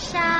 沙。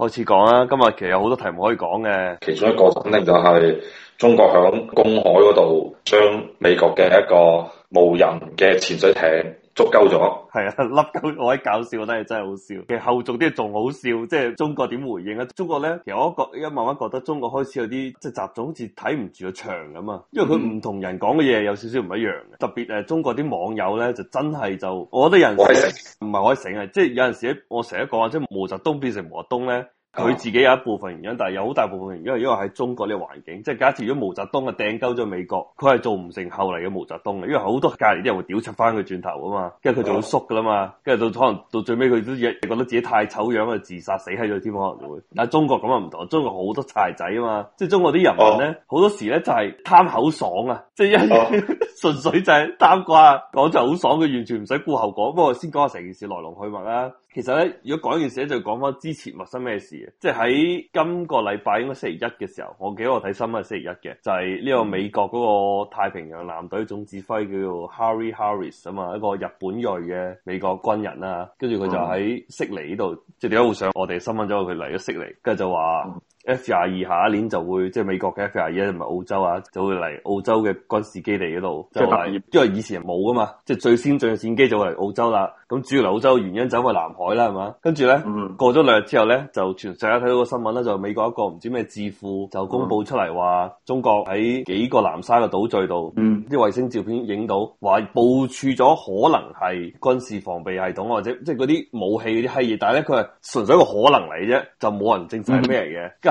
開始講啦，今日其實有好多題目可以講嘅，其中一個肯定就係中國喺公海嗰度將美國嘅一個無人嘅潛水艇。足夠咗、嗯，係啊，笠夠我喺搞笑，我覺得真係好笑。其實後續啲仲好笑，即、就、係、是、中國點回應啊？中國咧，其實我覺得，而家慢慢覺得中國開始有啲即係雜種好，好似睇唔住個場咁啊。因為佢唔同人講嘅嘢有少少唔一樣嘅，嗯、特別誒，中國啲網友咧就真係就，我覺得有人唔係可以醒啊，即係、就是、有陣時我成日講啊，即、就、係、是、毛澤東變成毛澤東咧。佢自己有一部分原因，但係有好大部分原因，係因為喺中國呢個環境，即係假設如果毛澤東啊掟鳩咗美國，佢係做唔成後嚟嘅毛澤東嘅，因為好多隔籬啲人會屌柒翻佢轉頭啊嘛，跟住佢就會縮噶啦嘛，跟住到可能到最尾佢都覺得自己太醜樣，就自殺死喺咗添。可能會。但係中國咁啊唔同，中國好多柴仔啊嘛，即係中國啲人民咧，好、oh. 多時咧就係貪口爽啊，即係純粹就係貪啩，講就好爽，佢完全唔使顧後果。不過我先講下成件事來龍去脈啦。其實咧，如果講完件事咧，就講翻之前發生咩事嘅，即係喺今個禮拜應該星期一嘅時候，我記得我睇新聞係星期一嘅，就係、是、呢個美國嗰個太平洋艦隊總指揮叫做 Harry Harris 啊嘛，一個日本裔嘅美國軍人啦，跟住佢就喺悉尼呢度，即係點解好想我哋新聞咗？佢嚟咗悉尼，跟住就話。F 廿二下一年就會即係美國嘅 F 廿一唔係澳洲啊，就會嚟澳洲嘅軍事基地嗰度，即係因為以前冇噶嘛，即係最先進嘅戰機就會嚟澳洲啦。咁主要嚟澳洲嘅原因就係南海啦，係嘛？跟住咧，嗯、過咗兩日之後咧，就全世界睇到個新聞咧，就美國一個唔知咩智庫就公佈出嚟話，中國喺幾個南沙嘅島嶼度，啲、嗯、衛星照片影到，話部署咗可能係軍事防備系統或者即係嗰啲武器嗰啲係嘢，但係咧佢係純粹一個可能嚟啫，就冇人證實係咩嚟嘅。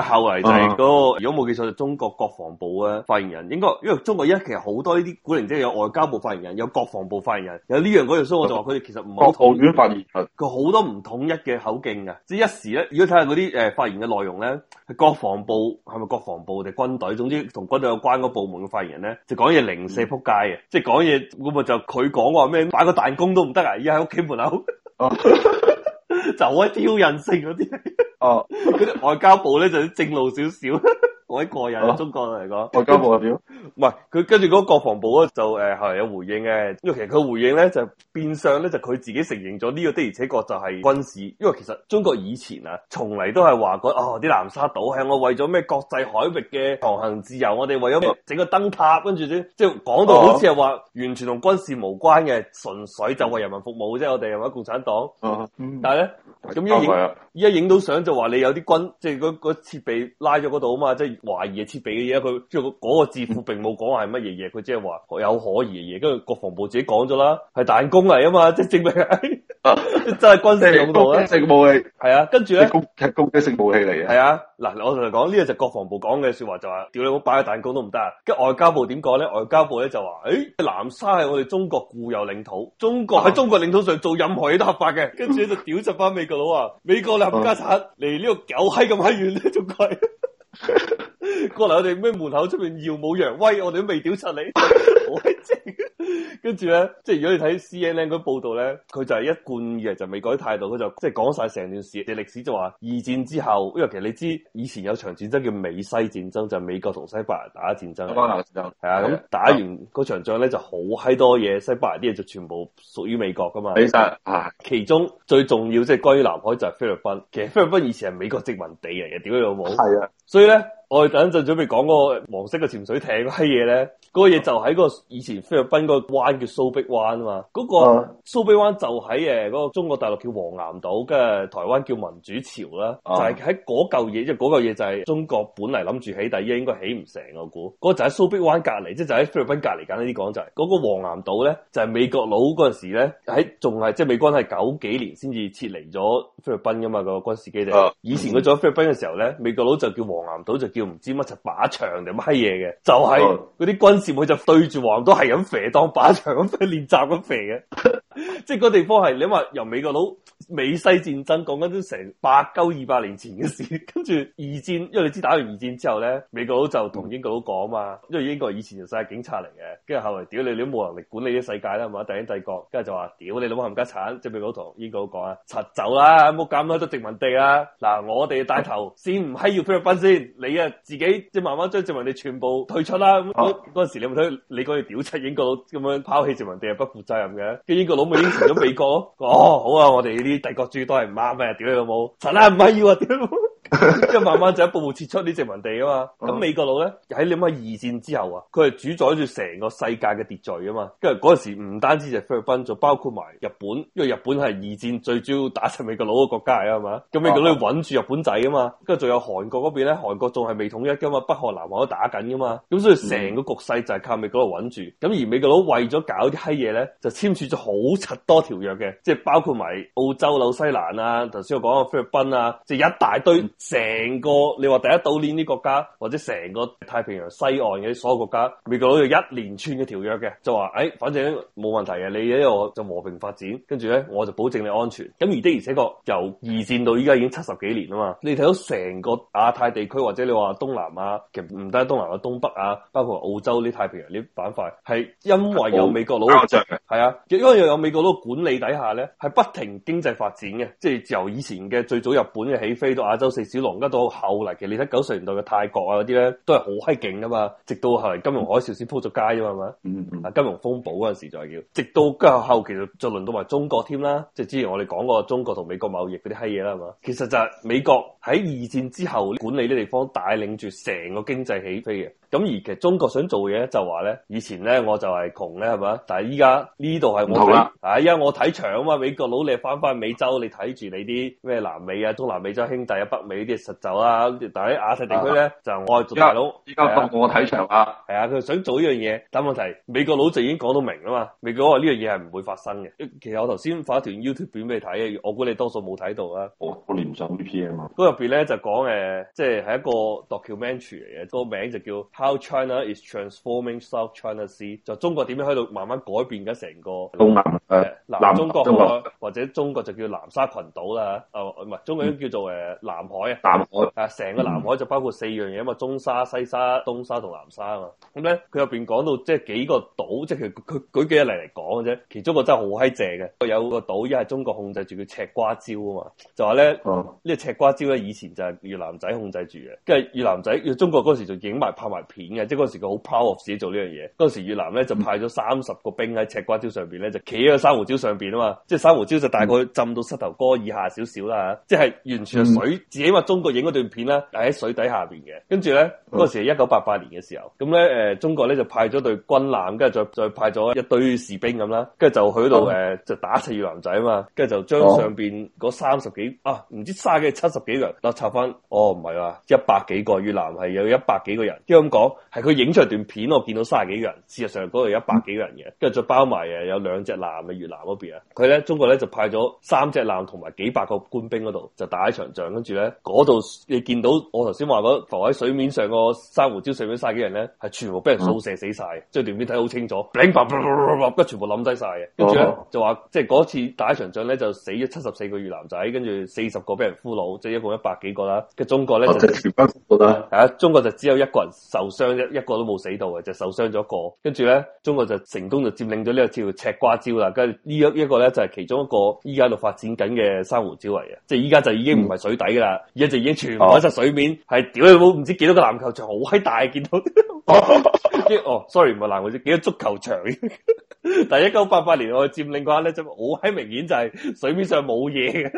嗯後嚟就係嗰、那個，uh huh. 如果冇記錯，就是、中國國防部嘅發言人，應該因為中國一其實好多呢啲古靈精，有外交部發言人，有國防部發言人，有呢樣嗰樣，所以我就話佢哋其實唔統一。國、國務院發言佢好多唔統一嘅口徑啊，即係一時咧。如果睇下嗰啲誒發言嘅內容咧，國防部係咪國防部定軍隊？總之同軍隊有關個部門嘅發言人咧，就講嘢零舍撲街啊。即係講嘢，咁、huh. 咪就佢講話咩擺個彈弓都唔得啊！而家喺屋企門口，uh huh. 就一挑釁性嗰啲。 哦，嗰啲外交部咧就正路少少， 我喺個人、啊、中國嚟講，外交部係點，唔係佢跟住嗰國防部咧就誒後嚟、呃、有回應嘅，因為其實佢回應咧就變相咧就佢自己承認咗呢、這個的而且確就係軍事，因為其實中國以前啊，從嚟都係話個哦啲南沙島係我為咗咩國際海域嘅航行自由，我哋為咗整個燈塔，跟住啲即係講到好似係話完全同軍事無關嘅，純、啊、粹就為人民服務啫，我哋係咪共產黨？啊、但係咧。嗯咁依一影、哦、到相就話你有啲軍，即係嗰嗰設備拉咗嗰度啊嘛，即係懷疑嘅設備嘅嘢。佢即係嗰個智庫並冇講話係乜嘢嘢，佢即係話有可疑嘅嘢。跟住國防部自己講咗啦，係彈弓嚟啊嘛，即係證明。 真係軍事用途啊，情武器，係啊，跟住咧公攻擊性武器嚟嘅。係啊嗱，我同你講呢、這個就國防部講嘅說話就說，就話屌你冇擺個蛋糕都唔得啊！跟外交部點講咧？外交部咧就話誒，南沙係我哋中國固有領土，中國喺中國領土上做任何嘢都合法嘅，啊、跟住就屌柒翻美國佬啊！ 美國你冚家鏟，離呢個狗閪咁閪遠咧，仲貴 過嚟我哋咩門口出邊耀武揚威，我哋都未屌柒你。 跟住咧，即係如果你睇 CNN 嗰報道咧，佢就係一貫嘅，就未、是、改態度，佢就即係講晒成段事嘅歷史，就話二戰之後，因為其實你知以前有場戰爭叫美西戰爭，就是、美國同西班牙打戰爭。係啊，咁的的打完嗰的場仗咧就好嗨多嘢，西班牙啲嘢就全部屬於美國噶嘛。其實啊，其中最重要即係、就是、關於南海就係菲律賓，其實菲律賓以前係美國殖民地嚟嘅，點解有冇？係啊的，所以咧。我哋等陣準備講嗰個黃色嘅潛水艇嗰嘢咧，嗰個嘢就喺個以前菲律賓個灣叫蘇碧灣啊嘛，嗰個蘇碧灣就喺誒嗰個中國大陸叫黃岩島，跟住台灣叫民主潮啦，就係喺嗰嚿嘢，即係嗰嚿嘢就係中國本嚟諗住起第一應該起唔成我估，嗰個就喺蘇碧灣隔離，即就喺菲律賓隔離簡單啲講就係嗰個黃岩島咧，就係美國佬嗰陣時咧喺仲係即係美軍係九幾年先至撤離咗菲律賓噶嘛、個軍事基地、就是，以前佢在菲律賓嘅時候咧，美國佬就叫黃岩島，就叫。又唔知乜就靶場定乜嘢嘅，就係嗰啲軍事妹就對住黃都係咁肥當靶場咁練習咁肥嘅。 即係嗰地方係，你話由美國佬美西戰爭講緊都成百九二百年前嘅事，跟住二戰，因為你知打完二戰之後咧，美國佬就同英國佬講嘛，因為英國以前就世界警察嚟嘅，跟住後嚟屌你你都冇能力管理啲世界啦，係嘛大英帝國，跟住就話屌你老冚家鏟，即係美國佬同英國佬講啊，撤走啦，冇搞乜都殖民地啊。嗱我哋帶頭先唔係要菲律賓先，你啊自己即係慢慢將殖民地全部退出啦，咁嗰嗰時你咪睇你講嘢屌柒，英國佬咁樣拋棄殖民地係不負責任嘅，英國佬。我支持咗美國哦，好啊，我哋呢啲帝國主義都係唔啱嘅，屌你老母，神啊唔係要啊，屌！即係 慢慢就一步步撤出啲殖民地啊嘛，咁美國佬咧，喺你乜二戰之後啊，佢係主宰住成個世界嘅秩序啊嘛，跟住嗰陣時唔單止就菲律賓，就包括埋日本，因為日本係二戰最主要打晒美國佬嘅國家嚟啊嘛、啊，咁美國佬穩住日本仔啊嘛，跟住仲有韓國嗰邊咧，韓國仲係未統一噶嘛，北韓南韓都打緊噶嘛，咁所以成個局勢就係靠美國佬穩住，咁、嗯、而美國佬為咗搞啲閪嘢咧，就簽署咗好柒多條約嘅，即係包括埋澳洲紐西蘭啊，頭先我講嗰菲律賓啊，即係一大堆。成個你話第一島鏈啲國家，或者成個太平洋西岸嘅所有國家，美國佬有一連串嘅條約嘅，就話誒、哎，反正冇問題嘅，你喺度就和平發展，跟住咧我就保證你安全。咁而的而且確由二戰到依家已經七十幾年啊嘛，你睇到成個亞太地區或者你話東南亞，其實唔單東南亞、東北亞，包括澳洲啲太平洋啲板塊，係因為有美國佬係啊，啊，因為又有美國佬管理底下咧，係不停經濟發展嘅，即係由以前嘅最早日本嘅起飛到亞洲四。小龍家到後嚟，其實你睇九十年代嘅泰國啊嗰啲咧，都係好閪勁噶嘛。直到後嚟金融海嘯先鋪咗街啫嘛，係嘛？嗯嗯。啊，金融風暴嗰陣時就重叫，直到之後後期就輪到埋中國添啦。即係之前我哋講過中國同美國貿易嗰啲閪嘢啦，係嘛？其實就係美國喺二戰之後管理啲地方，帶領住成個經濟起飛嘅。咁而其實中國想做嘢就話咧，以前咧我就係窮咧係嘛，但係依家呢度係我，因為我睇場啊嘛，美國佬你翻翻美洲，你睇住你啲咩南美啊、中南美洲兄弟啊、北美啲實走啊，但喺亞太地區咧就我係做大佬，依家幫我睇場啊，係啊，佢想做呢樣嘢，但問題美國佬就已經講到明啦嘛，美國話呢樣嘢係唔會發生嘅。其實我頭先發一條 YouTube 片俾你睇嘅，我估你多數冇睇到啦。我我連上 VPN 啊，嗰入邊咧就講誒、呃，即係係一個 documentary 嚟嘅，個名就叫。How China is transforming South China Sea 就中國點樣喺度慢慢改變緊成個東南亞誒，南,南中國,海中國或者中國就叫南沙群島啦，誒唔係中國叫做誒南海啊，南海誒成個南海就包括四樣嘢嘛，中沙、西沙、東沙同南沙啊嘛，咁咧佢入邊講到即係幾個島，即係佢佢舉幾例嚟講嘅啫，其中個真係好閪正嘅，有一個島一係中國控制住叫赤瓜礁啊嘛，就話咧呢、mm. 呢個赤瓜礁咧以前就係越南仔控制住嘅，跟住越南仔要中國嗰時就影埋拍埋。拍片嘅，即係嗰時佢好 powerful 自己做呢樣嘢。嗰時越南咧就派咗三十個兵喺赤瓜礁上邊咧，就企喺個珊瑚礁上邊啊嘛，即係珊瑚礁就大概浸到膝頭哥以下少少啦，即係完全係水。嗯、自己話中國影嗰段片啦，喺水底下邊嘅。跟住咧，嗰時係一九八八年嘅時候，咁咧誒，中國咧就派咗隊軍艦，跟住再再派咗一堆士兵咁啦，跟住就去到，誒、嗯呃、就打死越南仔啊嘛，跟住就將上邊嗰三十幾啊唔知卅幾七十幾個人掠插翻，哦唔係啊，一百幾個越南係有一百幾個人，即係係佢影出嚟段片，我見到卅幾人，事實上嗰度有一百幾人嘅，跟住再包埋誒，有兩隻艦嘅越南嗰邊啊，佢咧中國咧就派咗三隻艦同埋幾百個官兵嗰度就打一場仗，跟住咧嗰度你見到我頭先話嗰浮喺水面上個珊瑚礁上面卅幾人咧，係全部俾人掃射死晒，即係段片睇好清楚，跟住全部冧低晒嘅，跟住咧就話即係嗰次打一場仗咧就死咗七十四個越南仔，跟住四十個俾人俘虜，即係一共一百幾個啦，跟中國咧就全部啦，吓中國就只有一個人受。傷，一一個都冇死到嘅，就是、受傷咗一個。跟住咧，中國就成功就佔領咗呢、叫做赤瓜礁啦。跟住呢一一個咧就係、是、其中一個依家喺度發展緊嘅珊瑚礁嚟嘅，即係依家就已經唔係水底噶啦，而家、嗯、就已經全部喺晒水面，係屌你老母唔知幾多個籃球場好閪大，見到、啊、 哦，sorry 唔係籃球場，幾多足球場。 但係一九八八年我佔領嘅話咧，就係好閪明顯就係水面上冇嘢嘅。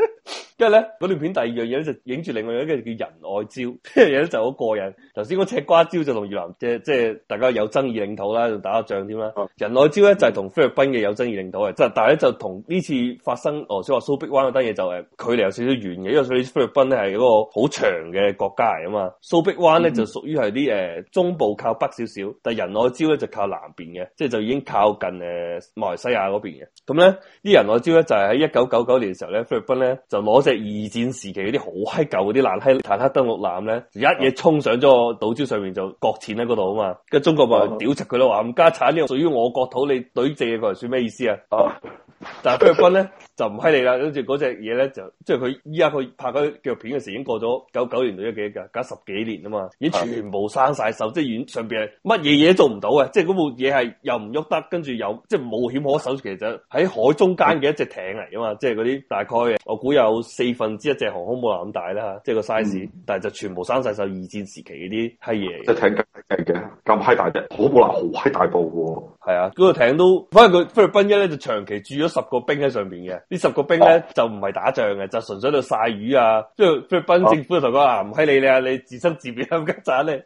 跟住咧，嗰段片第二樣嘢就影住另外一樣嘅叫仁愛礁，呢樣就好過癮。頭先我赤瓜礁就越南即即係大家有爭議領土啦，打啊、就打下仗添啦。仁愛礁咧就係同菲律賓嘅有爭議領土嘅，即係但係咧就同呢次發生哦，即話蘇碧灣嗰單嘢就誒距離有少少遠嘅，因為所以菲律賓咧係一個好長嘅國家嚟啊嘛。蘇碧灣咧就屬於係啲誒中部靠北少少，嗯、但係仁愛礁咧就靠南邊嘅，即係就已經靠近誒、呃、馬來西亞嗰邊嘅。咁咧啲仁愛礁咧就係喺一九九九年嘅時候咧，菲律賓咧就攞隻二戰時期嗰啲好閪舊嗰啲爛閪坦克登陸艦咧，就一嘢衝上咗個島礁上面就。國錢喺嗰度啊嘛，跟中國咪屌柒佢咯，話唔家產呢個屬於我國土，你懟借佢算咩意思啊？哦。 但係菲律賓咧就唔犀利啦，跟住嗰隻嘢，咧就即係佢依家佢拍嗰啲片嘅時，已經過咗九九年到一幾噶，隔十幾年啊嘛，已經全部生晒鏽的，即係上邊乜嘢嘢都做唔到嘅，即係嗰部嘢係又唔喐得，跟住又即係冇險可守。的其實喺海中間嘅一隻艇嚟啊嘛，即係嗰啲大概我估有四分之一隻航空母艦咁大啦吓，即係個 size，、嗯、但係就全部生晒鏽，二戰時期嗰啲係嘢。即係艇嘅，係嘅，咁閪大隻，好冇母好閪大部係啊，嗰、那個艇都，反正佢菲律賓一咧就長期駐咗十個兵喺上邊嘅，呢十個兵咧、啊、就唔係打仗嘅，就純粹度晒魚啊。即係菲律賓政府同佢話啊，唔喺、啊、你你啊，你自生自滅冚家鏟你。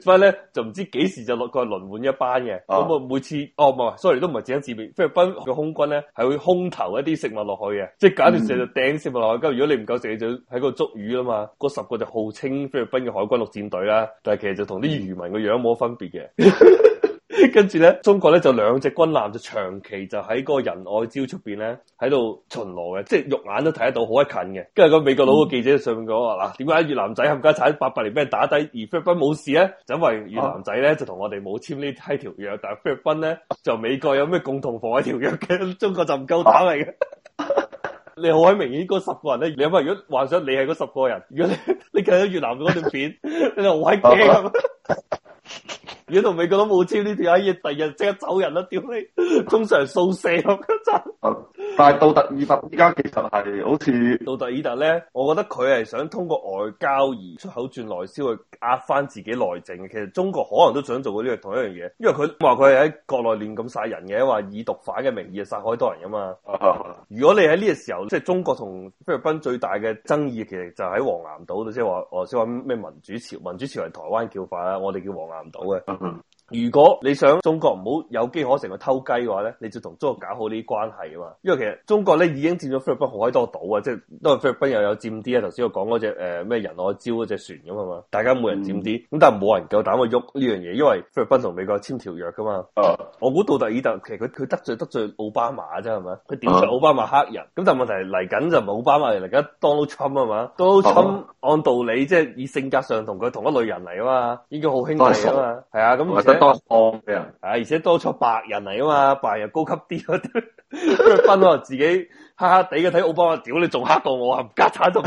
所以咧就唔知幾時就落個輪換一班嘅。咁啊每次哦唔，sorry，都唔係自生自滅。啊、菲律賓嘅空軍咧係會空投一啲食物落去嘅，即係揀住食就掟食物落去。咁、嗯、如果你唔夠食，你就喺度捉魚啊嘛。嗰十個就號稱菲律賓嘅海軍陸戰隊啦，但係其實就同啲漁民個樣冇乜分別嘅。嗯 跟住咧，中國咧就兩隻軍艦就長期就喺嗰個仁愛礁出面咧喺度巡邏嘅，即係肉眼都睇得到好一近嘅。跟住個美國佬個記者上面講話嗱：點解、嗯啊、越南仔冚家鏟八百年俾人打低而菲律賓冇事咧？就因為越南仔咧、啊、就同我哋冇簽呢批條約，但係菲律賓咧就美國有咩共同防衛條約嘅，中國就唔夠膽嚟嘅。啊、 你好閪明顯嗰十個人咧，你諗下，如果幻想你係嗰十個人，如果你你見越南嗰段片， 你就好閪驚。如果同美國都冇簽呢條嘢，第二日即刻走人啦，屌你！通常掃射我嗰陣。 但係杜特爾特依家其實係好似杜特爾特咧，我覺得佢係想通過外交而出口轉內銷去壓翻自己內政嘅。其實中國可能都想做過呢樣同一樣嘢，因為佢話佢係喺國內亂咁殺人嘅，話以毒販嘅名義殺開多人噶嘛。 如果你喺呢個時候，即、就是、中國同菲律賓最大嘅爭議，其實就喺黃岩島，即係話我先話咩民主潮，民主潮係台灣叫法啦，我哋叫黃岩島嘅。 如果你想中國唔好有機可乘去偷雞嘅話咧，你就同中國搞好呢啲關係啊嘛。因為其實中國咧已經佔咗菲律賓好多島啊，即係因為菲律賓又有佔啲啊。頭先我講嗰隻誒咩人我招嗰隻船咁啊嘛，大家每人佔啲，咁但係冇人夠膽去喐呢樣嘢，因為菲律賓同、呃嗯、美國簽條約噶嘛。啊、我估到杜特爾特，其實佢佢得罪得罪奧巴馬啫，係咪？佢點著奧巴馬黑人，咁、啊、但係問題嚟緊就唔係奧巴馬嚟緊，Donald Trump 啊嘛。Donald Trump 按道理即係以性格上同佢同一類人嚟啊嘛，應該好兄弟啊嘛。係啊，咁而且。多錯嘅啊，而且多錯白人嚟啊嘛，白人又高級啲、啊，啲。 分咯自己 黑黑地嘅睇奧巴馬，屌 你仲黑到我，唔加產都。